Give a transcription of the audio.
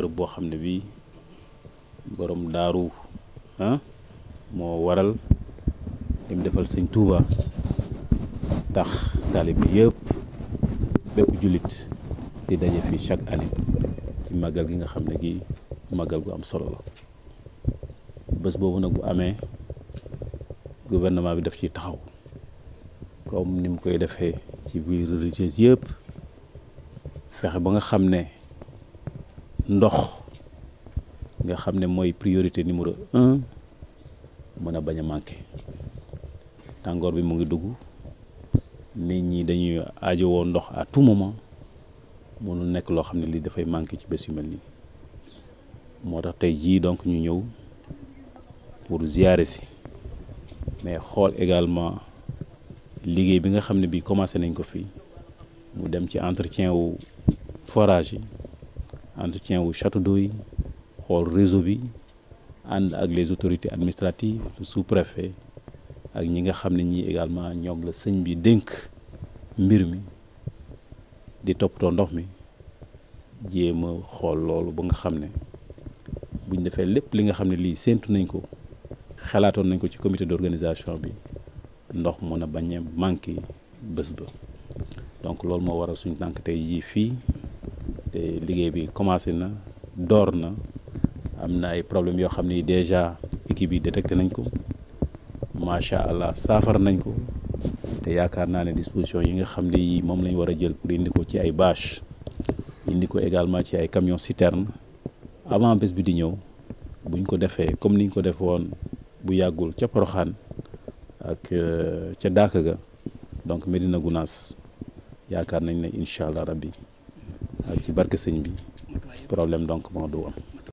bërëb boo xam ne bii boroom daaru ah moo waral lim defal sëñ Touba tax taalibe yëpp bépp jullit di daje fii chaque année ci màggal gi nga xam ne gi màggal gu am solo la bés boobu nag bu amee gouvernement bi def ci taxaw comme ni koy defee ci biir religieuse yëpp fexe ba nga xam ne ndox nga xam ne mooy priorité numéro un mën a bañ a manqué tàngoor bi mu ngi dugg nit ñi dañuy aajowoo ndox à tout moment mënul nekk loo xam ne lii dafay manqué ci bés yu mel nii moo tax tey jii donc ñu ñëw pour ziare si mais xool également liggéey bi nga xam ne bii commencé nañ ko fii mu dem ci entretien wu forage yi. entretien wu château d'eau yi xool réseau bi ànd ak les autorités administratives le sous-préfet ak ñi nga xam ne ñii également ñoom la sëñ bi dénk mbir mi di toppatoo ndox mi jéem a xool loolu ba nga xam ne buñ defee lépp li nga xam ne lii séentu nañ ko xalaatoon nañ ko ci comité d'organisation bi ndox mën a bañ manqué bés ba donc loolu moo waral suñ tànk tey jii fii te liggéey bi commencé na door na am na ay problèmes yoo xam ni déjà équipe yi détecté nañ ko macha allah saafara nañ ko te yaakaar naa ne disposition yi nga xam ni moom lañ war a jël pour indi ko ci ay bâche indi ko également ci ay camion citerne avant bés bi di ñëw buñ ko defee comme niñ ko def woon bu yàggul ca Poroxaan ak euh, ca Daaka ga donc Medina Gunaas yaakaar nañ ne incha allah rabbi ci barke sëñ bi problème donc moo du am